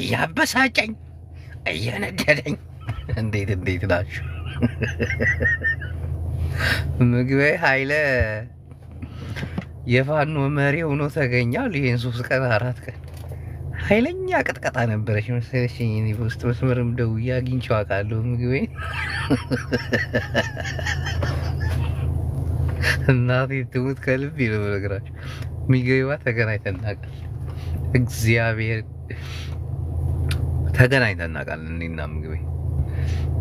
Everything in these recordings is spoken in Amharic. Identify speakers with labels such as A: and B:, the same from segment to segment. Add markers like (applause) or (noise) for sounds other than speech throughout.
A: እያበሳጨኝ እየነደደኝ እንዴት እንዴት ናችሁ? ምግቤ ኃይለ የፋኖ መሪ ሆኖ ተገኛል። ይህን ሶስት ቀን አራት ቀን ኃይለኛ ቅጥቀጣ ነበረች መሰለችኝ። ውስጥ መስመርም ደውዬ አግኝቼው አውቃለሁ። ምግቤ እናቴ ትሙት ከልብ ነው የምነግራቸው። ሚገባ ተገናኝተን እግዚአብሔር ተገናኝተን እናውቃለን። እኔና ምግቤ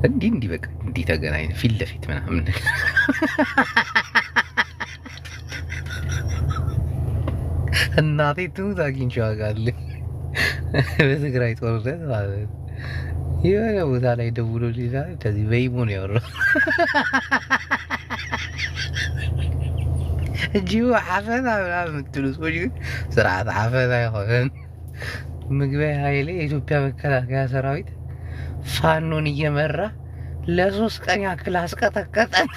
A: እንዲህ እንዲህ በቃ እንዲህ ተገናኝተን ፊት ለፊት ምናምን (laughs) እናቴ ትሙት አግኝቼው አውቃለሁ። (laughs) በትግራይ ጦርነት ማለት የሆነ ቦታ ላይ ደውሎ ሊዛ ከዚህ በይሞ ነው ያወራው (laughs) እጅ ሐፈና ምናምን የምትሉ ሰዎች ግን ስርዓት ሐፈና አይሆንም። ምግበይ ኃይሌ የኢትዮጵያ መከላከያ ሰራዊት ፋኖን እየመራ ለሶስት ቀን ያክል አስቀጠቀጠን።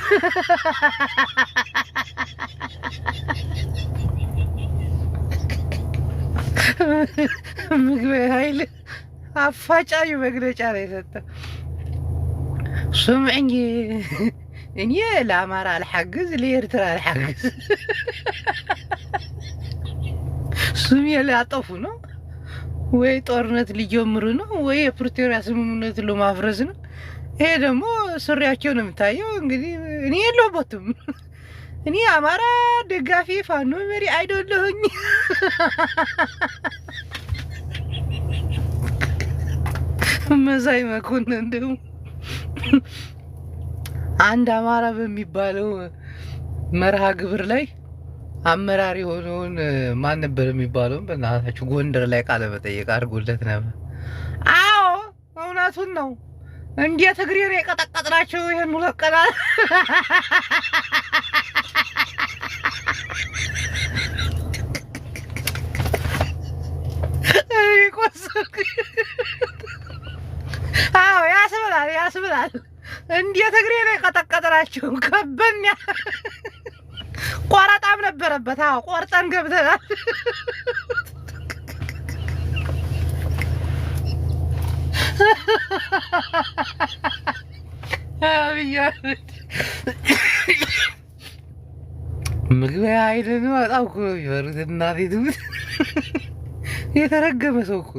A: ምግበይ ኃይሌ አፋጫዩ መግለጫ ላይ ሰጠ። ስምዕኝ እኔ ለአማራ አልሓግዝ፣ ለኤርትራ አልሓግዝ፣ ስሜ ላጠፉ ነው ወይ ጦርነት ሊጀምሩ ነው ወይ የፕሪቶሪያ ስምምነት ለማፍረስ ነው። ይሄ ደግሞ ስሪያቸው ነው የምታየው። እንግዲህ እኔ የለሁበትም። (laughs) እኔ አማራ ደጋፊ ፋኖ መሪ አይደለሁኝ። (laughs) መሳይ መኮንን ደግሞ አንድ አማራ በሚባለው መርሃ ግብር ላይ አመራር የሆነውን ማን ነበር የሚባለውን በእናታችሁ ጎንደር ላይ ቃለ መጠየቅ አድርጎለት ነበር። አዎ እውነቱን ነው። እንዴት እግሬን የቀጠቀጥናቸው ይህን ሙለቀናል አዎ ያስብላል፣ ያስብላል። እንዴት እግሬን የቀጠቀጥናቸው ከበኛ ቆረጣም ነበረበት። አዎ ቆርጠን ገብተናል። ምግብ አይደለም። በጣም እኮ የሚበሉት። እናቴ ትሙት የተረገመ ሰው እኮ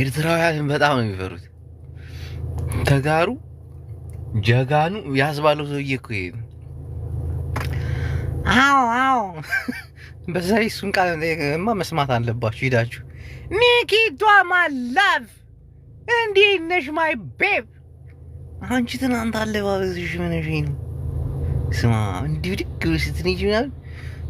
A: ኤርትራውያንን በጣም ነው የሚፈሩት። ተጋሩ ጀጋኑ ያስባለው ሰውዬ እኮ ይሄ ነው። አዎ አዎ። (laughs) በዛ እሱን ቃል መስማት አለባችሁ ሂዳችሁ። ሚኪቷ ማላፍ እንዴት ነሽ ማይ ቤብ? አንቺ ትናንት አለባበስሽ ምንሽ ነው? ስማ እንዲሁ ድግ ስትንጅ ምናምን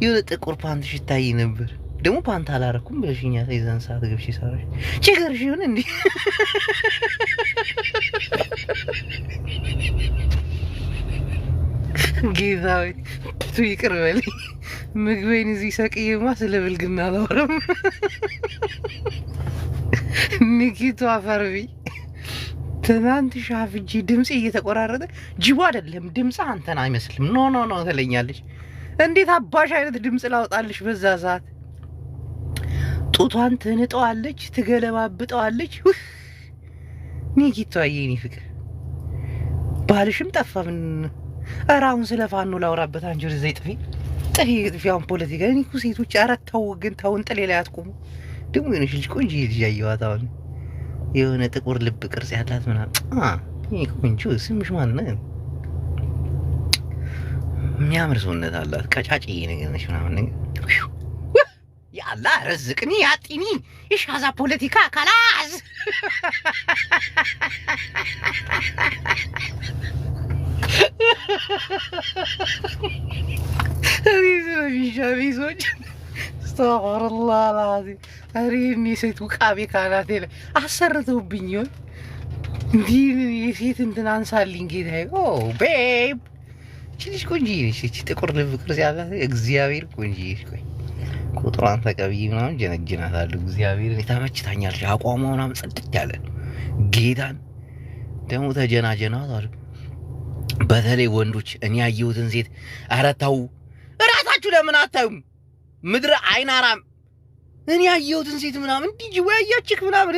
A: የሆነ ጥቁር ፓንትሽ ይታይ ነበር። ደግሞ ፓንት አላረኩም በሽኛ የዛን ሰዓት ገብሽ ሰራሽ ችግርሽ ይሁን እንዲህ (laughs) ጌታ ቱ ይቅር በልኝ። ምግቤን እዚህ ሰቅዬማ ስለ ብልግና አላወራም። ንኪቱ አፈርቢ ትናንት ሻፍጂ ድምፅ እየተቆራረጠ ጅቡ አይደለም ድምፅ አንተን አይመስልም። ኖ ኖ ኖ ትለኛለች። እንዴት አባሽ አይነት ድምፅ ላውጣልሽ በዛ ሰዓት? ጡቷን ትንጠዋለች፣ ትገለባብጠዋለች። ኒኪቷ የኔ ፍቅር ባልሽም ጠፋ ምን ኧረ አሁን ስለ ፋኖ ላውራበት አንጆር ዘይ ጥፊ ጥፊ ጥፊ። አሁን ፖለቲካ እኔ እኮ ሴቶች፣ ኧረ ተው ግን ተው፣ እንጥሌ ላይ አትቁሙ ደግሞ የሆነች ልጅ ቆንጆ ልጅ አየኋት አሁን የሆነ ጥቁር ልብ ቅርጽ ያላት ምናምን ቆንጆ፣ ስምሽ ማነው? የሚያምር ሰውነት አላት። ቀጫጭዬ ነገር ነች ምናምን ነገር ያላ ረዝቅኒ ያጢኒ ይሻዛ ፖለቲካ ካላዝ ሸሚሶች አስተዋረላ ኧረ የሴት ውቃቤ ካናቴ ላይ አሰርተውብኝ ይሆን እንዲህ የሴት እንትን አንሳልኝ ጌታ ቤብ ችልሽ ቆንጆ ነች። እቺ ጥቁር ልብ ቅርጽ ያላት እግዚአብሔር ቆንጆ ነች። ቆይ ቁጥሯን ተቀብዬ ምናምን ጀነጅናታለሁ። እግዚአብሔር ተመችታኛለች። አቋሟ ምናምን ጽድት ያለ ጌታን ደግሞ ተጀናጀናት አሉ በተለይ ወንዶች እኔ ያየሁትን ሴት ኧረ ተው እራሳችሁ ለምን አታዩም? ምድረ አይን አራም እኔ ያየሁትን ሴት ምናምን እንዲህ ጅቦ ያያችክ ምናምን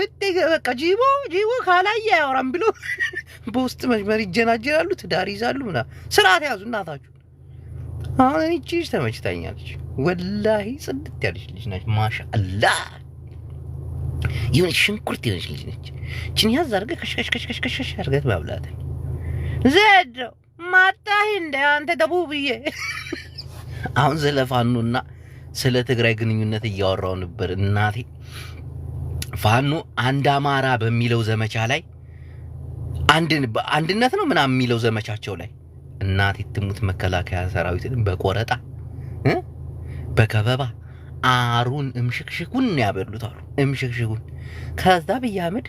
A: በቃ ጅቦ ጅቦ ካላየ አያወራም ብሎ (laughs) በውስጥ መስመር ይጀናጀናሉ፣ ትዳር ይዛሉ ምናምን። ስርዓት ያዙ እናታችሁ። አሁን እኔ ይህች ልጅ ተመችታኛለች። ወላሂ ጽድት ያለች ልጅ ናች። ማሻአላ የሆነች ሽንኩርት የሆነች ልጅ ነች። ችን ያዝ አድርገህ ከሽከሽከሽከሽከሽ አድርገህ ማብላትን ዘዶ ማጣህ እንደ አንተ ደቡብዬ። አሁን ስለ ፋኖና ስለ ትግራይ ግንኙነት እያወራው ነበር። እናቴ ፋኖ አንድ አማራ በሚለው ዘመቻ ላይ አንድነት ነው ምናምን የሚለው ዘመቻቸው ላይ እናቴ ትሙት መከላከያ ሰራዊትን በቆረጣ በከበባ አሩን እምሽክሽኩን ያበሉታሉ። እምሽክሽኩን ከዛ ብያምድ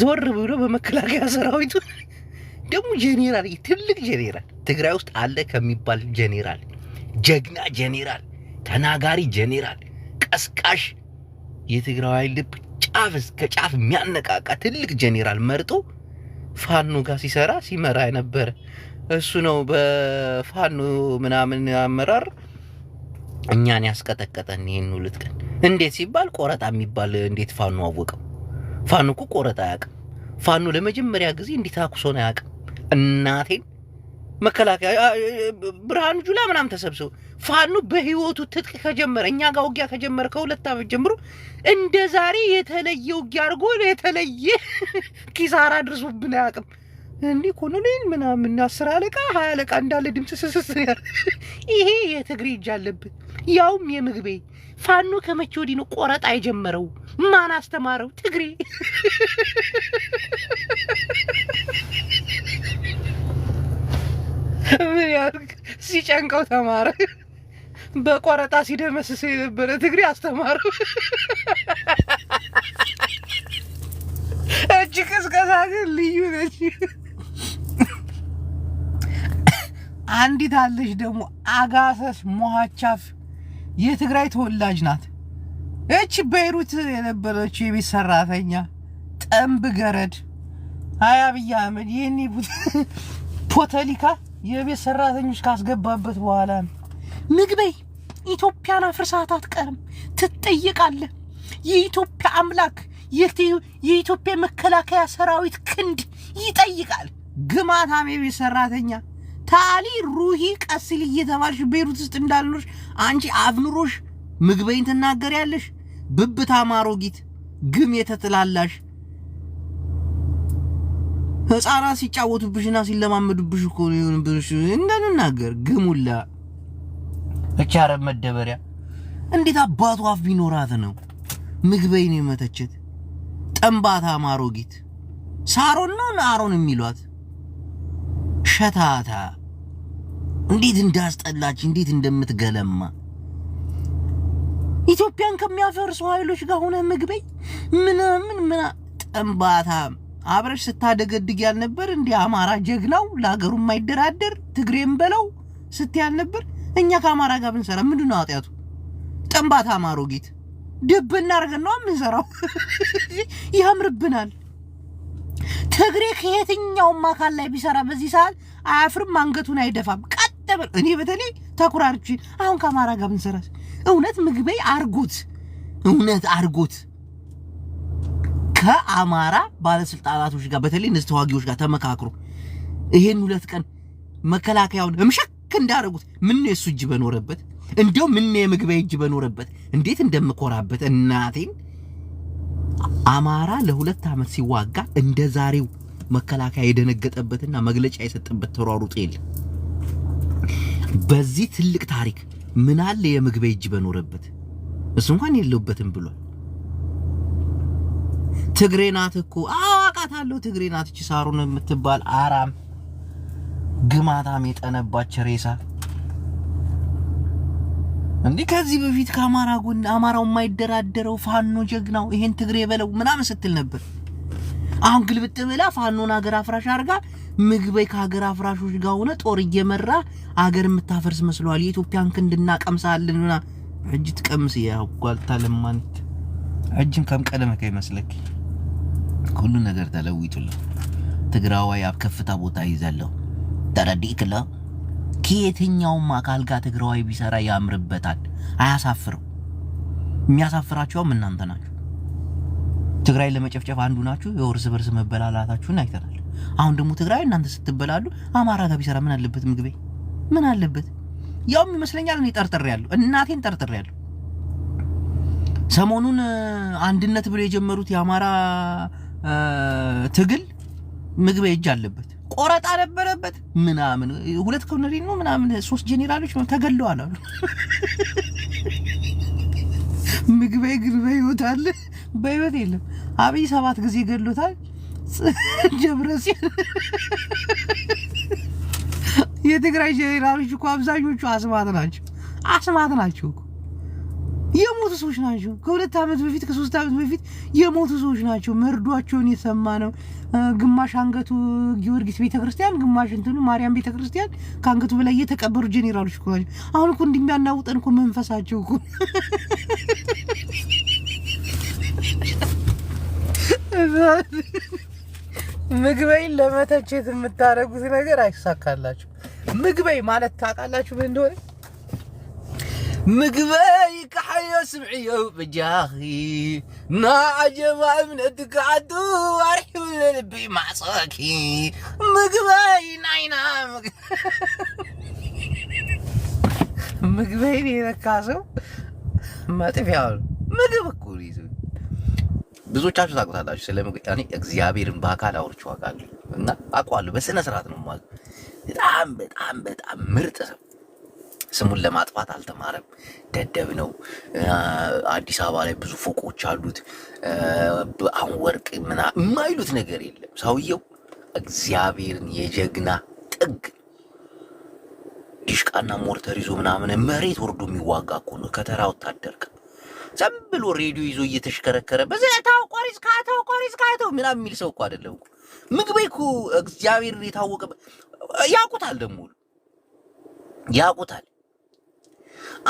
A: ዞር ብሎ በመከላከያ ሰራዊቱ ደግሞ ጄኔራል፣ ትልቅ ጄኔራል ትግራይ ውስጥ አለ ከሚባል ጄኔራል፣ ጀግና ጄኔራል፣ ተናጋሪ ጄኔራል፣ ቀስቃሽ የትግራዊ ልብ ጫፍ እስከ ጫፍ የሚያነቃቃ ትልቅ ጄኔራል መርጦ ፋኖ ጋር ሲሰራ ሲመራ የነበረ እሱ ነው። በፋኖ ምናምን አመራር እኛን ያስቀጠቀጠን ይህን ሁለት ቀን እንዴት ሲባል ቆረጣ የሚባል እንዴት ፋኖ አወቀው? ፋኖ እኮ ቆረጣ አያውቅም። ፋኖ ለመጀመሪያ ጊዜ እንዲታኩሶን አያውቅም። እናቴን መከላከያ ብርሃኑ ጁላ ምናምን ተሰብስቦ ፋኖ በህይወቱ ትጥቅ ከጀመረ እኛ ጋር ውጊያ ከጀመረ ከሁለት ዓመት ጀምሮ እንደ ዛሬ የተለየ ውጊያ አድርጎ የተለየ ኪሳራ አድርሶብን አያውቅም። እንዲህ ኮሎኔል ምናምን አስር አለቃ ሀያ አለቃ እንዳለ ድምፅ ስስስ ያለ ይሄ የትግሬ እጅ አለብን። ያውም የምግቤ ፋኖ ከመቼ ወዲህ ነው ቆረጣ የጀመረው? ማን አስተማረው? ትግሬ ምን ያልክ ሲጨንቀው ተማረ። በቆረጣ ሲደመስሰ የነበረ ትግሬ አስተማረው። እጅ ቅስቀሳ ግን ልዩ ነች። አንዲት አለች ደግሞ አጋሰስ ሞሃቻፍ የትግራይ ተወላጅ ናት። እች በይሩት የነበረች የቤት ሰራተኛ ጠንብ ገረድ አይ አብይ አህመድ ይህኔ (laughs) ፖተሊካ የቤት ሰራተኞች ካስገባበት በኋላ ምግበይ ኢትዮጵያን አፍርሳት አትቀርም፣ ትጠየቃለህ። የኢትዮጵያ አምላክ የኢትዮጵያ መከላከያ ሰራዊት ክንድ ይጠይቃል። ግማታም የቤት ሰራተኛ ታሊ ሩሂ ቀስል እየተባልሽ ቤሩት ውስጥ እንዳልኖርሽ አንቺ አፍኑሮሽ ምግበይን ትናገር ያለሽ ብብታም አሮጊት፣ ግም የተጥላላሽ ህፃናት ሲጫወቱብሽና ሲለማመዱብሽ እኮ ነው የሆንብሽ። እንዳንናገር ግሙላ እቺ አረብ መደበሪያ እንዴት አባቱ አፍ ቢኖራት ነው ምግበይን የመተቸት ጠንባታም አሮጊት ሳሮን ነው አሮን የሚሏት ሸታታ እንዴት እንዳስጠላች እንዴት እንደምትገለማ ኢትዮጵያን ከሚያፈርሱ ኃይሎች ጋር ሆነ ምግቤ ምናምን ምና ጥንባታ አብረሽ ስታደገድግ ያልነበር እንዲ አማራ ጀግናው ለሀገሩ የማይደራደር ትግሬም በለው ስት ያልነበር እኛ ከአማራ ጋር ብንሰራ ምንድን ነው አጥያቱ? ጥንባታ ማሮጊት ድብ እናርገን ነው የምንሰራው። (laughs) ያምርብናል። ትግሬ ከየትኛውም አካል ላይ ቢሰራ በዚህ ሰዓት አያፍርም፣ አንገቱን አይደፋም። ቀጥ ብሎ እኔ በተለይ ተኩራርችን አሁን ከአማራ ጋር ብንሰራ እውነት ምግቤ አርጉት፣ እውነት አርጉት። ከአማራ ባለስልጣናቶች ጋር በተለይ እነዚህ ተዋጊዎች ጋር ተመካክሮ ይሄን ሁለት ቀን መከላከያውን እምሸክ እንዳደረጉት ምን የሱ እጅ በኖረበት እንዲያው ምን የምግቤ እጅ በኖረበት እንዴት እንደምኮራበት እናቴን። አማራ ለሁለት ዓመት ሲዋጋ እንደ ዛሬው መከላከያ የደነገጠበትና መግለጫ የሰጠበት ተሯሩጥ የለም። በዚህ ትልቅ ታሪክ ምን አለ የምግቤ እጅ በኖረበት እሱ እንኳን የለውበትም ብሏል። ትግሬ ናት እኮ አዋቃታለሁ። ትግሬ ናት እቺ ሳሩን የምትባል አራም ግማታም የጠነባች ሬሳ እንዲህ ከዚህ በፊት ከአማራ ጎን አማራው የማይደራደረው ፋኖ ጀግናው ይሄን ትግሬ በለው ምናምን ስትል ነበር። አሁን ግልብጥ ብላ ፋኖን ሀገር አፍራሽ አድርጋ ምግበይ ከሀገር አፍራሾች ጋር ሆነ ጦር እየመራ አገር የምታፈርስ መስለዋል። የኢትዮጵያን ክንድ እናቀምሳለንና ሕጂ ትቀምስ ያጓልታ ለማንት ሕጂን ከም ቀደመ ከይመስለክ ሁሉ ነገር ተለዊጡሎ ትግራዋይ አብ ከፍታ ቦታ እዩ ተረዲእ ክለ ከየትኛውም አካል ጋር ትግራዋይ ቢሰራ ያምርበታል፣ አያሳፍርም። የሚያሳፍራቸውም እናንተ ናችሁ። ትግራይ ለመጨፍጨፍ አንዱ ናችሁ። የእርስ በርስ መበላላታችሁን አይተናል። አሁን ደግሞ ትግራይ እናንተ ስትበላሉ አማራ ጋር ቢሰራ ምን አለበት? ምግቤ ምን አለበት? ያውም ይመስለኛል እኔ ጠርጥሬያለሁ፣ እናቴን ጠርጥሬያለሁ። ሰሞኑን አንድነት ብሎ የጀመሩት የአማራ ትግል ምግቤ እጅ አለበት፣ ቆረጣ ነበረበት ምናምን፣ ሁለት ኮሎኔል ነው ምናምን፣ ሶስት ጄኔራሎች ተገለዋል አሉ። (laughs) ምግቤ ግን በህይወት አለ? በህይወት የለም። አብይ ሰባት ጊዜ ገሎታል። ደብረጽዮን የትግራይ ጄኔራሎች እኮ አብዛኞቹ አስማት ናቸው። አስማት ናቸው እኮ የሞቱ ሰዎች ናቸው። ከሁለት ዓመት በፊት ከሶስት ዓመት በፊት የሞቱ ሰዎች ናቸው። መርዷቸውን የሰማ ነው። ግማሽ አንገቱ ጊዮርጊስ ቤተክርስቲያን፣ ግማሽ እንትኑ ማርያም ቤተክርስቲያን ከአንገቱ በላይ የተቀበሩ ጄኔራሎች እኮ ናቸው። አሁን እኮ እንደሚያናውጠን እኮ መንፈሳቸው እኮ ምግበይን ለመተቸት የምታደርጉት ነገር አይሳካላችሁ። ምግበይ ማለት ታውቃላችሁ ምን እንደሆነ? ምግበይ ካሕዮ ስምዕዮ ብጃኺ ናዓጀባ እምነት ክዓቱ አርሒ ለልቢ ማዕፀኪ ምግበይ ናይና ምግበይን የነካ ሰው መጥፊያው ምግብ እኩል ብዙዎቻችሁ ታውቁታላችሁ። ስለ እኔ እግዚአብሔርን በአካል አውርቼው አውቃለሁ እና አውቀዋለሁ። በስነ ስርዓት ነው ማለት በጣም በጣም በጣም ምርጥ ሰው ስሙን ለማጥፋት አልተማረም። ደደብ ነው። አዲስ አበባ ላይ ብዙ ፎቆች አሉት። አሁን ወርቅ ምና የማይሉት ነገር የለም። ሰውየው እግዚአብሔርን የጀግና ጥግ ዲሽቃና ሞርተር ይዞ ምናምን መሬት ወርዶ የሚዋጋ እኮ ነው ከተራ ወታደር ጋር ዝም ብሎ ሬዲዮ ይዞ እየተሽከረከረ በዚህ ታው ቆሪስ ካተው ቆሪስ ምናምን የሚል ሰው እኮ አይደለም እኮ። ምግቤ እኮ እግዚአብሔር የታወቀ ያውቁታል፣ ደግሞ ያውቁታል።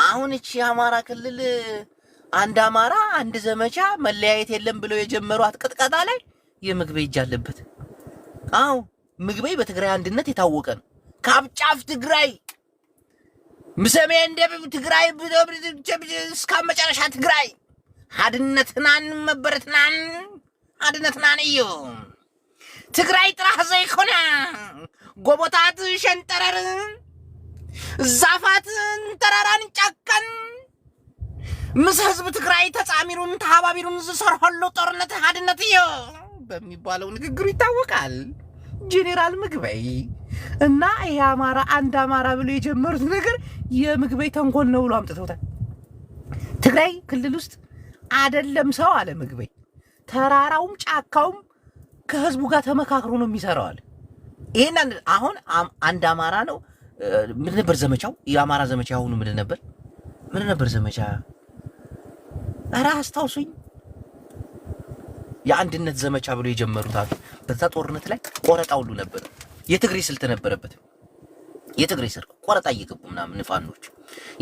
A: አሁን እቺ የአማራ ክልል አንድ አማራ አንድ ዘመቻ መለያየት የለም ብለው የጀመሯት ቅጥቀጣ ላይ የምግቤ እጅ አለበት። አዎ ምግቤ በትግራይ አንድነት የታወቀ ነው። ካብጫፍ ትግራይ ብሰሜን ደቡብ ትግራይ እስከ መጨረሻ ትግራይ ሓድነትናን መበረትናን ሓድነትናን እዩ ትግራይ ጥራሕ ዘይኮነ ጎቦታት ሸንጠረር ዛፋትን ተራራን ጫካን ምስ ህዝቢ ትግራይ ተፃሚሩን ተሃባቢሩን ዝሰርሐሉ ጦርነት ሓድነት እዩ በሚባለው ንግግሩ ይታወቃል። ጄኔራል ምግበይ እና ይሄ አማራ አንድ አማራ ብሎ የጀመሩት ነገር የምግበይ ተንኮል ነው ብሎ አምጥተውታል። ትግራይ ክልል ውስጥ አደለም ሰው አለ ምግበይ ተራራውም ጫካውም ከህዝቡ ጋር ተመካክሮ ነው የሚሰራው አለ። ይህን አሁን አንድ አማራ ነው ምን ነበር ዘመቻው? የአማራ ዘመቻ የሆኑ ምን ነበር ምን ነበር ዘመቻ? ኧረ አስታውሱኝ። የአንድነት ዘመቻ ብሎ የጀመሩት አሉ። በዛ ጦርነት ላይ ቆረጣ ሁሉ ነበረ። የትግሬ ስልት ነበረበት። የትግሬ ስልት ቆረጣ እየገቡ ምናምን ንፋኖች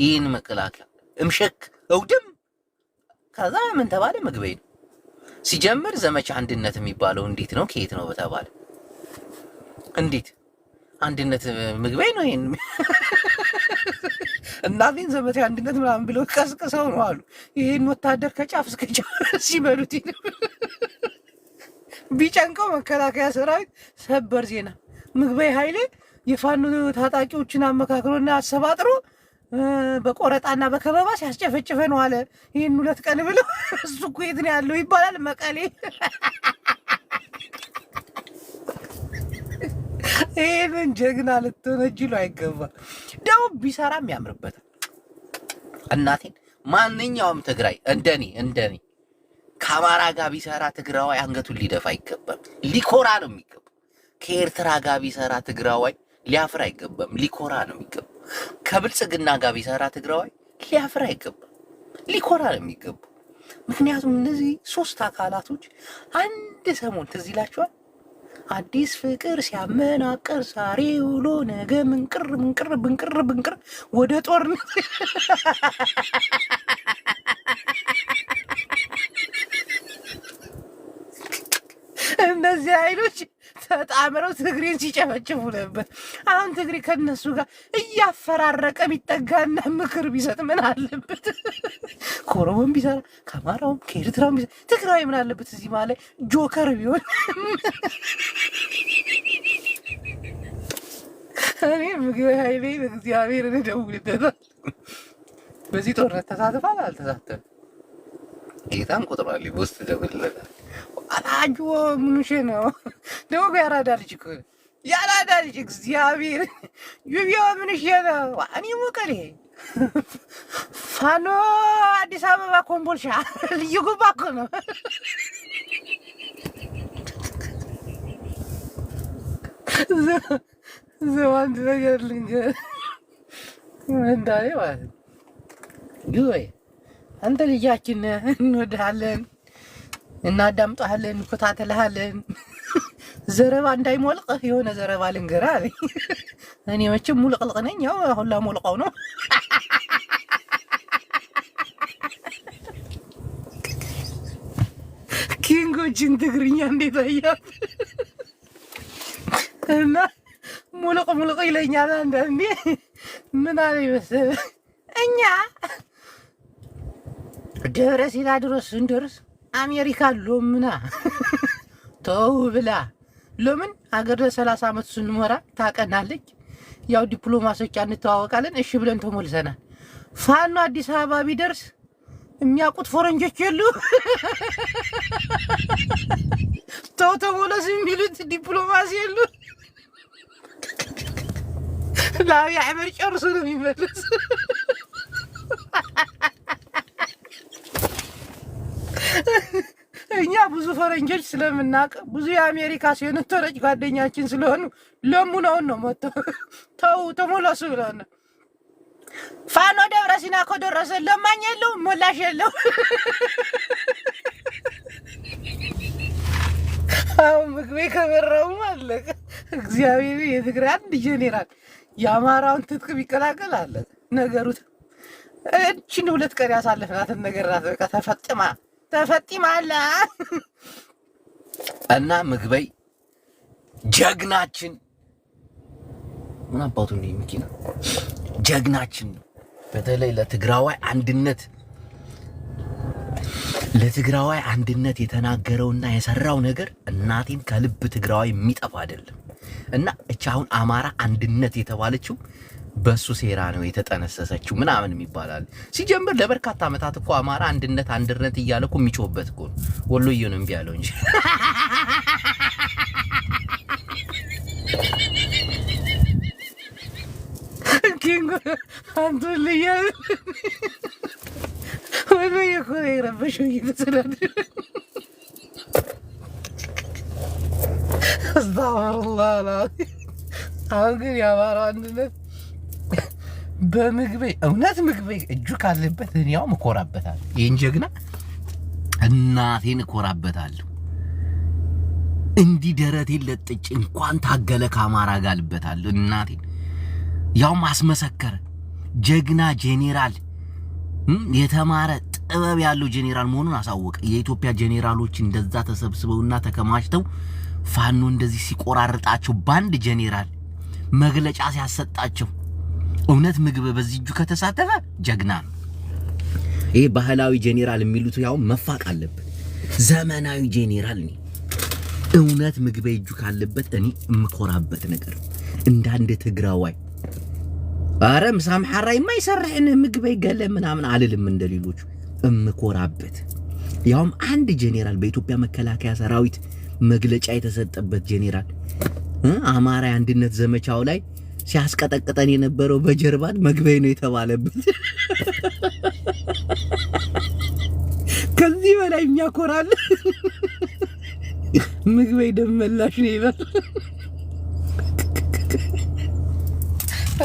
A: ይህን መከላከያ እምሸክ እውድም ከዛ ምን ተባለ ምግበይ ነው ሲጀምር ዘመቻ አንድነት የሚባለው እንዴት ነው ከየት ነው በተባለ እንዴት አንድነት ምግበይ ነው ይሄን (laughs) እናቴን ዘመት አንድነት ምናምን ብለው ቀስቅሰው ነው አሉ። ይህን ወታደር ከጫፍ እስከ ጫፍ (laughs) ሲበሉት ቢጨንቀው መከላከያ ሰራዊት ሰበር ዜና ምግበይ ኃይሌ የፋኖ ታጣቂዎችን አመካክሎና አሰባጥሮ በቆረጣና በከበባ ሲያስጨፈጭፈ ነው አለ። ይህን ሁለት ቀን ብለው (laughs) እሱ እኮ የት ነው ያለው ይባላል መቀሌ ይህንን ጀግና ልትሆነ አይገባ። ደግሞ ቢሰራም ያምርበታል። እናቴን ማንኛውም ትግራይ እንደኔ እንደኔ ከአማራ ጋር ቢሰራ ትግራዋይ አንገቱን ሊደፋ አይገባም። ሊኮራ ነው የሚገባ። ከኤርትራ ጋር ቢሰራ ትግራዋይ ሊያፍር አይገባም። ሊኮራ ነው የሚገባ። ከብልጽግና ጋር ቢሰራ ትግራዋይ ሊያፍር አይገባም። ሊኮራ ነው የሚገባ። ምክንያቱም እነዚህ ሶስት አካላቶች አንድ ሰሞን ትዝ አዲስ ፍቅር ሲያመናቀር ዛሬ ውሎ ነገ ምንቅር ምንቅር ብንቅር ብንቅር ወደ ጦርነት (laughs) እነዚህ አይኖች ተጣምረው ትግሪን ሲጨፈጭፉ ነበር። አሁን ትግሪ ከነሱ ጋር እያፈራረቀ ቢጠጋና ምክር ቢሰጥ ምን አለበት? ኮረቦም ቢሰራ ከአማራውም ከኤርትራውም ቢሰራ ትግራዊ ምን አለበት? እዚህ ማለት ጆከር ቢሆን እኔ ምግብ ኃይሌ እግዚአብሔር እንደውልለታል። በዚህ ጦርነት ተሳትፋል አልተሳተም? ጌታን ቁጥራል ውስጥ ደውልለታል። አላጆ ምንሽ ነው ደግሞ ያራዳ ልጅ እኮ ያራዳ ልጅ እግዚአብሔር ዩቢያ ምንሽ ነው? እኔ ሙቀሌ ፋኖ አዲስ አበባ ኮምቦልሻ ልዩ ጉባ እኮ ነው። ዘዋንድ ነገር ልንገር እንዳኔ ማለት ነው። አንተ ልጃችን እንወድሃለን እናዳምጣለን፣ እንከታተልሃለን። (laughs) ዘረባ እንዳይሞልቅህ የሆነ ዘረባ ልንገራ። (laughs) እኔ መቼም ሙልቅልቅ ነኝ። ያው ሁላ ሞልቀው ነው። (laughs) ኪንጎችን ትግርኛ እንዴት አያት እና ሙልቅ ሙልቅ ይለኛል አንዳንዴ። ምን አለ መሰለህ እኛ ደብረ ሲላ ድረስ እንደርስ አሜሪካ ሎምና ተው ብላ ለምን ሀገር ለሰላሳ ዓመት ስንሞራ ታቀናለች። ያው ዲፕሎማሶች እንተዋወቃለን፣ እሺ ብለን ተሞልሰናል። ፋኖ አዲስ አበባ ቢደርስ የሚያውቁት ፈረንጆች የሉ ተው ተሞለስ የሚሉት ዲፕሎማሲ የሉ። ለአብይ አሕመድ ጨርሶ ነው የሚመለስ። እኛ ብዙ ፈረንጆች ስለምናውቅ ብዙ የአሜሪካ ሴኔተሮች ጓደኛችን ስለሆኑ ለሙነውን ነው መጥቶ ተው ተሞላሱ ብለነ ፋኖ ደብረ ሲና ከደረሰ ለማኝ የለው ሞላሽ የለው። አሁን ምግቤ ከበራው አለ እግዚአብሔር የትግራይ አንድ ጄኔራል የአማራውን ትጥቅ ቢቀላቀል አለ ነገሩት። እችን ሁለት ቀን ያሳለፍናትን ነገር ናት በቃ ተፈጥማ ተፈጢማላ እና ምግበይ ጀግናችን ምን አባቱ ነው መኪና ጀግናችን ነው። በተለይ ለትግራዋይ አንድነት ለትግራዋይ አንድነት የተናገረውና የሰራው ነገር እናቴን ከልብ ትግራዋይ የሚጠፋ አይደለም እና እቻ አሁን አማራ አንድነት የተባለችው በእሱ ሴራ ነው የተጠነሰሰችው ምናምን የሚባላል። ሲጀምር ለበርካታ ዓመታት እኮ አማራ አንድነት አንድነት እያለ እኮ የሚጮህበት እኮ ነው። ወሎዬ ነው እምቢ ያለው እንጂ ወሎዬ እኮ የረበሸው እየተሰዳደ አስታወርላ አሁን ግን የአማራ አንድነት በምግቤ እውነት ምግቤ እጁ ካለበት እኔ እኮራበታለሁ። ይህን ጀግና እናቴን እኮራበታለሁ። እንዲህ ደረቴን ለጥጭ እንኳን ታገለ ከአማራ ጋር እናቴን ያውም አስመሰከረ። ጀግና ጄኔራል፣ የተማረ ጥበብ ያለው ጄኔራል መሆኑን አሳወቀ። የኢትዮጵያ ጄኔራሎች እንደዛ ተሰብስበውና ተከማችተው ፋኖ እንደዚህ ሲቆራርጣቸው በአንድ ጄኔራል መግለጫ ሲያሰጣቸው እውነት ምግብ በዚህ እጁ ከተሳተፈ ጀግና ነው። ይህ ባህላዊ ጄኔራል የሚሉት ያው መፋቅ አለበት። ዘመናዊ ጄኔራል ነው። እውነት ምግብ እጁ ካለበት እኔ የምኮራበት ነገር እንዳንድ ትግራዋይ አረ ምሳምሐራ የማይሰርዕን ምግብ ገለ ምናምን አልልም፣ እንደ እምኮራበት ያውም አንድ ጄኔራል በኢትዮጵያ መከላከያ ሰራዊት መግለጫ የተሰጠበት ጄኔራል አማራ የአንድነት ዘመቻው ላይ ሲያስቀጠቅጠን የነበረው በጀርባን መግቢያ ነው የተባለብን። ከዚህ በላይ የሚያኮራል ምግበይ ደመላሽ ነው ይበል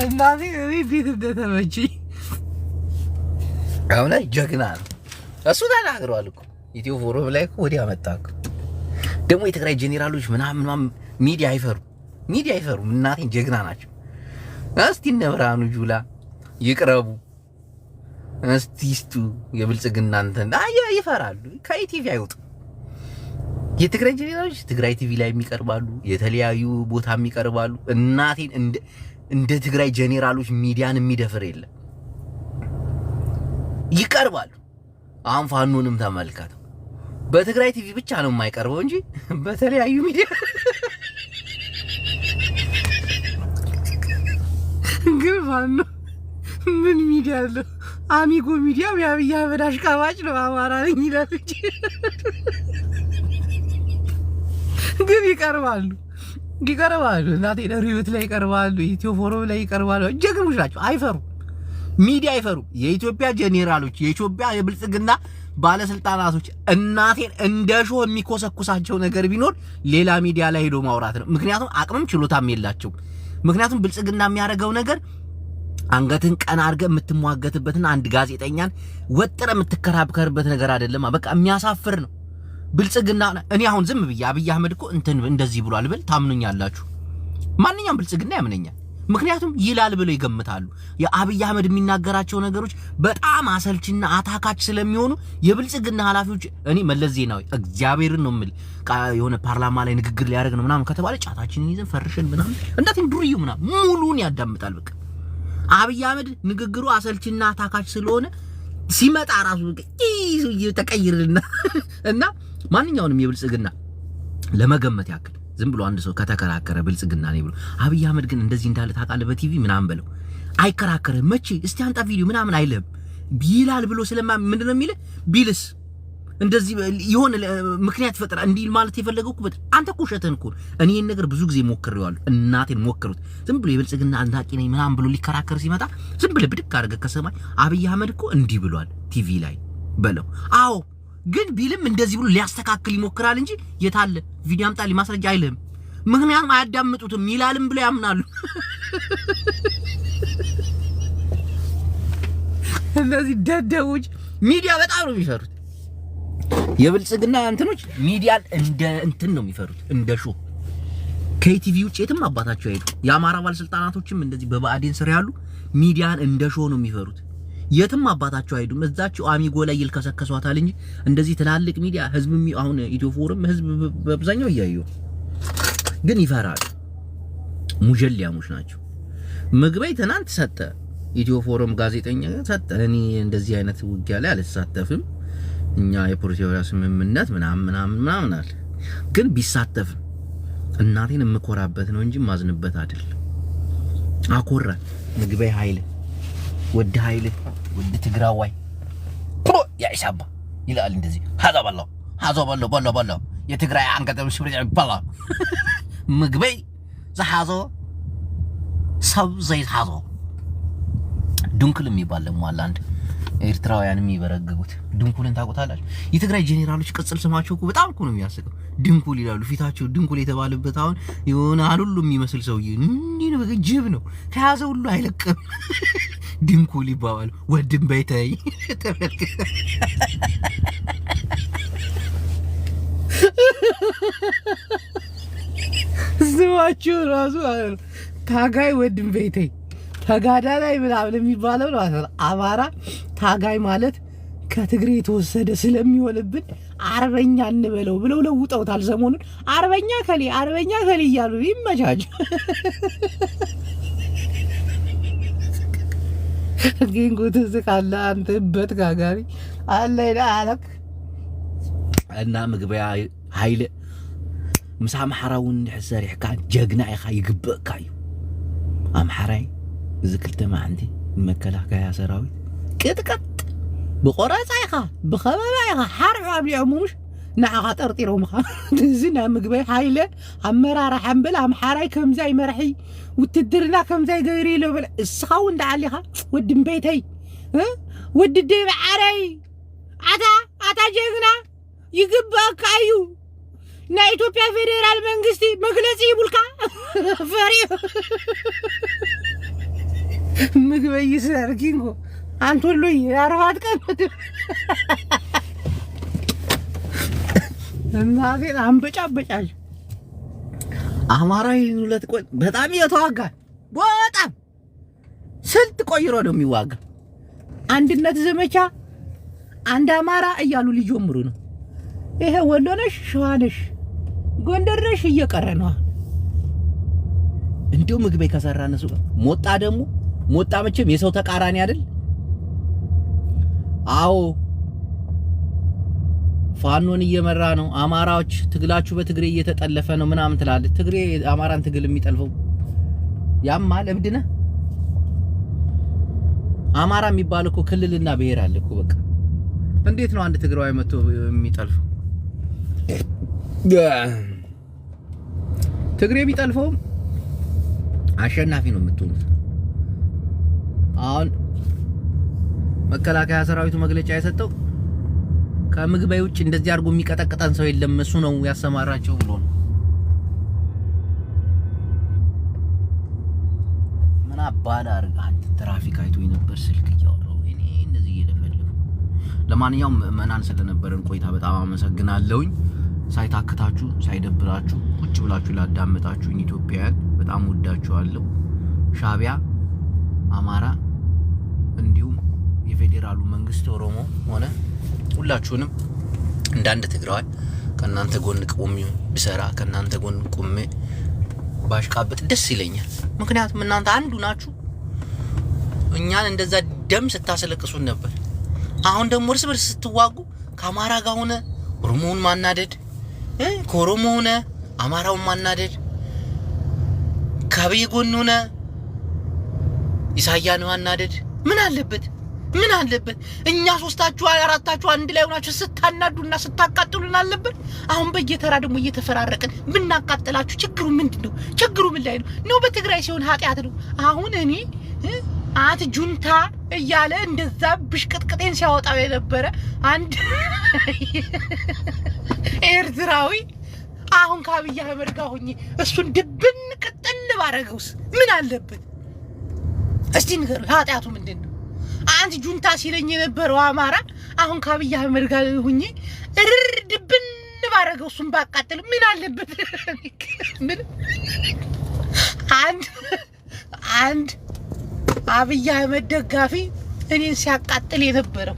A: እናቴ። እኔ ቤት እንደተመቸኝ አሁን ላይ ጀግና ነው እሱ ተናግረዋል እኮ ኢትዮ ፎረም ላይ እኮ ወዲያ መጣ እኮ ደግሞ የትግራይ ጄኔራሎች ምናምን ሚዲያ አይፈሩ ሚዲያ አይፈሩም። እናቴን ጀግና ናቸው። እስቲ እነ ብርሃኑ ጁላ ይቅረቡ፣ እስቲ ስቱ የብልጽግና እንትን ይፈራሉ። ከኢቲቪ አይወጡ የትግራይ ጀኔራሎች ትግራይ ቲቪ ላይ የሚቀርባሉ፣ የተለያዩ ቦታ የሚቀርባሉ። እናቴን እንደ ትግራይ ጀኔራሎች ሚዲያን የሚደፍር የለም። ይቀርባሉ። አሁን ፋኖንም ተመልከተው፣ በትግራይ ቲቪ ብቻ ነው የማይቀርበው እንጂ በተለያዩ ሚዲያ ማለት ነው። ምን ሚዲያ አለው? አሚጎ ሚዲያ ያብያ በዳሽ አሽቃባጭ ነው። አማራ ነኝ ይላል እንጂ ግን ይቀርባሉ ይቀርባሉ። እናቴ ሪዩት ላይ ይቀርባሉ፣ ኢትዮ ፎረም ላይ ይቀርባሉ። ጀግኖች ናቸው። አይፈሩ ሚዲያ አይፈሩ። የኢትዮጵያ ጄኔራሎች፣ የኢትዮጵያ የብልጽግና ባለስልጣናቶች እናቴን እንደ ሾህ የሚኮሰኩሳቸው ነገር ቢኖር ሌላ ሚዲያ ላይ ሄዶ ማውራት ነው። ምክንያቱም አቅምም ችሎታም የላቸው። ምክንያቱም ብልጽግና የሚያደርገው ነገር አንገትን ቀና አድርገ የምትሟገትበትን አንድ ጋዜጠኛን ወጥረ የምትከራከርበት ነገር አይደለም። በቃ የሚያሳፍር ነው ብልጽግና። እኔ አሁን ዝም ብዬ አብይ አህመድ እኮ እንትን እንደዚህ ብሏል ብል ታምኑኛላችሁ? ማንኛውም ብልጽግና ያምነኛል። ምክንያቱም ይላል ብለው ይገምታሉ። የአብይ አህመድ የሚናገራቸው ነገሮች በጣም አሰልችና አታካች ስለሚሆኑ የብልጽግና ኃላፊዎች እኔ መለስ ዜናዊ እግዚአብሔርን ነው የምል የሆነ ፓርላማ ላይ ንግግር ሊያደርግ ነው ምናምን ከተባለ ጫታችንን ይዘን ፈርሽን ምናምን እንዳትም ዱርዩ ምናምን ሙሉን ያዳምጣል በቃ አብይ አህመድ ንግግሩ አሰልችና ታካች ስለሆነ ሲመጣ ራሱ ተቀይርልና (laughs) እና ማንኛውንም የብልጽግና ለመገመት ያክል ዝም ብሎ አንድ ሰው ከተከራከረ ብልጽግና ነው ብሎ አብይ አህመድ ግን እንደዚህ እንዳለ ታውቃለህ፣ በቲቪ ምናምን በለው አይከራከረ መቼ እስቲ አንጣ ቪዲዮ ምናምን አይልም። ቢላል ብሎ ስለማ ምንድነው የሚልህ ቢልስ እንደዚህ የሆነ ምክንያት ፈጥራ እንዲል ማለት የፈለገው እኮ አንተ እኮ ውሸትህን እኮ እኔ ይህን ነገር ብዙ ጊዜ ሞክሬዋለሁ። እናቴን ሞክሩት። ዝም ብሎ የብልጽግና አድናቂ ነኝ ምናምን ብሎ ሊከራከር ሲመጣ ዝም ብለህ ብድግ አድርገህ ከሰማይ አብይ አህመድ እኮ እንዲህ ብሏል ቲቪ ላይ በለው። አዎ ግን ቢልም እንደዚህ ብሎ ሊያስተካክል ይሞክራል እንጂ የታለ ቪዲዮ አምጣ ማስረጃ አይልህም። ምክንያቱም አያዳምጡትም ይላልም ብለው ያምናሉ። (laughs) እነዚህ ደደቦች ሚዲያ በጣም ነው የሚፈሩት። የብልጽግና እንትኖች ሚዲያን እንደ እንትን ነው የሚፈሩት፣ እንደ ሾ ከኢቲቪ ውጭ የትም አባታቸው አይሄዱ። የአማራ ባለስልጣናቶችም እንደዚህ በብአዴን ስር ያሉ ሚዲያን እንደ ሾ ነው የሚፈሩት። የትም አባታቸው አይሄዱም። እዛቸው አሚጎ ላይ ይልከሰከሷታል እንጂ እንደዚህ ትላልቅ ሚዲያ ህዝብ አሁን ኢትዮ ፎርም ህዝብ በአብዛኛው እያየው ግን ይፈራሉ። ሙጀሊያሞች ናቸው። ምግበይ ትናንት ሰጠ ኢትዮ ፎረም ጋዜጠኛ ሰጠ። እኔ እንደዚህ አይነት ውጊያ ላይ አልሳተፍም እኛ የፕሪቶሪያ ስምምነት ምናምን ምናምን ምናምን አለ። ግን ቢሳተፍም እናቴን የምኮራበት ነው እንጂ ማዝንበት አይደል። አኮራ ምግቤ ኃይል ወድ ኃይል ወድ ትግራዋይ ፕሮ ያኢሳባ ይላል እንደዚህ ሀዛ ባላ ሀዛ ባላ ባላ ባላ የትግራይ አንገተም ሽብሪ ባላ ምግቤ ዝሓዞ ሰብ ዘይትሓዞ ድንክል የሚባል ደግሞ አለ አንድ ኤርትራውያን የሚበረግጉት ድንኩልን ታውቁታላችሁ? የትግራይ ጄኔራሎች ቅጽል ስማቸው በጣም እኮ ነው የሚያስቀው። ድንኩል ይላሉ። ፊታቸው ድንኩል የተባለበት አሁን የሆነ አሉሉ የሚመስል ሰውዬ እንዲህ ነው። ጅብ ነው ከያዘ ሁሉ አይለቅም። (laughs) ድንኩል ይባባሉ። ወድም በይተይ ስማቸው ራሱ ታጋይ ወድም በይተይ ተጋዳላይ ምናምን የሚባለው ነው አማራ ታጋይ ማለት ከትግሬ የተወሰደ ስለሚሆንብን አርበኛ እንበለው ብለው ለውጠውታል። ሰሞኑን አርበኛ ከሌ አርበኛ ከሌ እያሉ ይመቻች። (laughs) ጌንጎ ትዝቃለ አንተ በት ጋጋሪ አለ አለክ እና ምግበያ ኃይለ ምስ ኣምሓራ እውን ድሕ ሰሪሕካ ጀግና ኢኻ ይግብእካ እዩ ኣምሓራይ እዚ ክልተ ማዓንቲ መከላከያ ሰራዊት ቅጥቅጥ ብቆረፃ ኢኻ ብኸበባ ኢኻ ሓርሑ ኣብሊዖም ሙሽ ንዓኻ ጠርጢሮምኻ እዚ ናብ ምግበይ ሓይለ ኣመራርሓ እምበል ኣምሓራይ ከምዛይ መርሒ ውትድርና ከምዛይ ገይሩ ኢሎ በለ እስኻ እውን ዳዓሊኻ ወዲ ምበይተይ ወዲ ደይ በዓረይ ኣታ ኣታ ጀግና ይግብአካ እዩ ናይ ኢትዮጵያ ፌደራል መንግስቲ መግለፂ ይብልካ ፈሪዩ ምግበይ ይሰርኪንጎ አንተ ሁሉ አርባት ቀን እናቴን አንበጫ በጫሽ አማራዊ ሁለት ቆይ በጣም የተዋጋ በጣም ስልት ቆይሮ ነው የሚዋጋ። አንድነት ዘመቻ አንድ አማራ እያሉ ሊጀምሩ ነው። ይሄ ወሎ ነሽ፣ ሸዋ ነሽ፣ ጎንደር ነሽ እየቀረ ነው። እንዲሁ ምግቤ ከሰራ እነሱ ሞጣ ደግሞ ሞጣ መቼም የሰው ተቃራኒ አይደል አዎ ፋኖን እየመራ ነው። አማራዎች ትግላችሁ በትግሬ እየተጠለፈ ነው ምናምን ትላለህ። ትግሬ አማራን ትግል የሚጠልፈው ያማል። እብድ ነህ። አማራ የሚባል እኮ ክልልና ብሔር አለ እኮ በቃ። እንዴት ነው አንድ ትግራዋይ መጥቶ የሚጠልፈው? ትግሬ የሚጠልፈው አሸናፊ ነው የምትሆኑት አሁን መከላከያ ሰራዊቱ መግለጫ የሰጠው ከምግብ ውጭ እንደዚህ አድርጎ የሚቀጠቅጠን ሰው የለም፣ እሱ ነው ያሰማራቸው ብሎ ነው። ምን አባል አድርግ አንተ። ትራፊክ አይቶኝ ነበር ስልክ እያወራሁ እኔ እንደዚህ እየለፈለፉ። ለማንኛውም ምዕመናን ስለነበረን ቆይታ በጣም አመሰግናለሁኝ። ሳይታክታችሁ ሳይደብራችሁ ቁጭ ብላችሁ ላዳመጣችሁኝ ኢትዮጵያውያን በጣም ወዳችኋለሁ። ሻቢያ አማራ እንዲሁም የፌዴራሉ መንግስት ኦሮሞ ሆነ ሁላችሁንም እንዳንድ አንድ ትግራዋይ ከእናንተ ጎን ቁሚ ብሰራ ከእናንተ ጎን ቁሜ ባሽቃበጥ ደስ ይለኛል። ምክንያቱም እናንተ አንዱ ናችሁ። እኛን እንደዛ ደም ስታስለቅሱን ነበር። አሁን ደግሞ እርስ በርስ ስትዋጉ ከአማራ ጋር ሆነ ኦሮሞውን ማናደድ፣ ከኦሮሞ ሆነ አማራውን ማናደድ፣ ከአብይ ጎን ሆነ ኢሳያን ማናደድ ምን አለበት? ምን አለበት እኛ ሶስታችሁ አራታችሁ አንድ ላይ ሆናችሁ ስታናዱና ስታቃጥሉን አለበት። አሁን በየተራ ደግሞ እየተፈራረቅን ብናቃጥላችሁ ችግሩ ምንድን ነው? ችግሩ ምን ላይ ነው? ነው በትግራይ ሲሆን ኃጢአት ነው። አሁን እኔ አት ጁንታ እያለ እንደዛ ብሽቅጥቅጤን ሲያወጣው የነበረ አንድ (laughs) ኤርትራዊ አሁን ከአብይ አህመድ ጋር ሆኜ እሱን ድብን ቅጥል ባረገውስ ምን አለበት? እስቲ ንገሩ ኃጢአቱ ምንድን ነው? አንድ ጁንታ ሲለኝ የነበረው አማራ አሁን ከአብይ አህመድ ጋር ሁኜ እርር ድብን ባረገው እሱን ባቃጥል ምን አለበት? ምን አንድ አንድ አብይ አህመድ ደጋፊ እኔን ሲያቃጥል የነበረው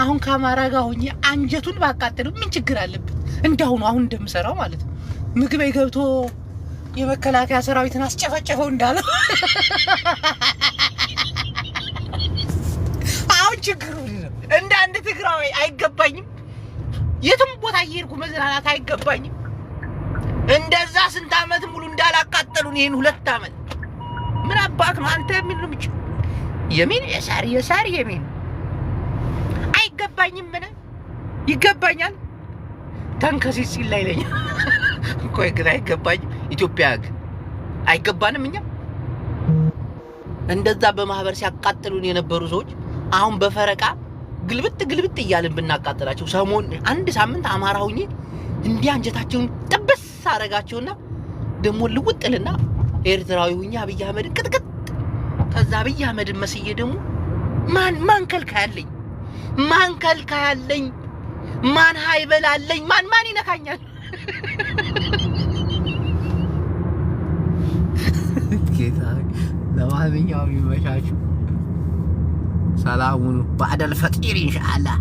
A: አሁን ከአማራ ጋር ሆኜ አንጀቱን ባቃጥል ምን ችግር አለበት? እንዳሁኑ አሁን እንደምሰራው ማለት ነው። ምግቤ ገብቶ የመከላከያ ሰራዊትን አስጨፈጨፈው እንዳለው ችግር እንደ አንድ ትግራዊ አይገባኝም። የትም ቦታ እየሄድኩ መዝናናት አይገባኝም። እንደዛ ስንት አመት ሙሉ እንዳላቃጠሉን ይህን ሁለት አመት ምን አባክ ነው አንተ የሚል ነው ብቻ የሚል የሳር የሳር የሚል አይገባኝም። ምን ይገባኛል? ተንከሲስ ላይ ይለኛል ቆይ ግን አይገባኝም። ኢትዮጵያ ግን አይገባንም። እኛ እንደዛ በማህበር ሲያቃጥሉን የነበሩ ሰዎች አሁን በፈረቃ ግልብጥ ግልብጥ እያልን ብናቃጥላቸው ሰሞን አንድ ሳምንት አማራ ሁኜ እንዲህ አንጀታቸውን ጥብስ አረጋቸውና ደግሞ ልውጥልና ኤርትራዊ ሁኜ አብይ አህመድን ቅጥቅጥ ከዛ አብይ አህመድን መስዬ ደግሞ ማን ማን ከልካ ያለኝ ማን ከልካ ያለኝ ማን አለኝ ማን ማን ይነካኛል (laughs) ጌታ ለማንኛውም ይመቻችሁ ሰላሙን ባዕደል ፈጢር ኢንሻአላህ